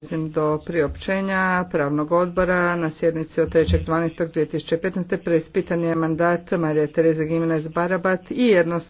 Dolazim do priopćenja pravnog odbora na sjednici od 3.12.2015. Preispitan je mandat Marije Tereze Gimenez Barabat i jednostavno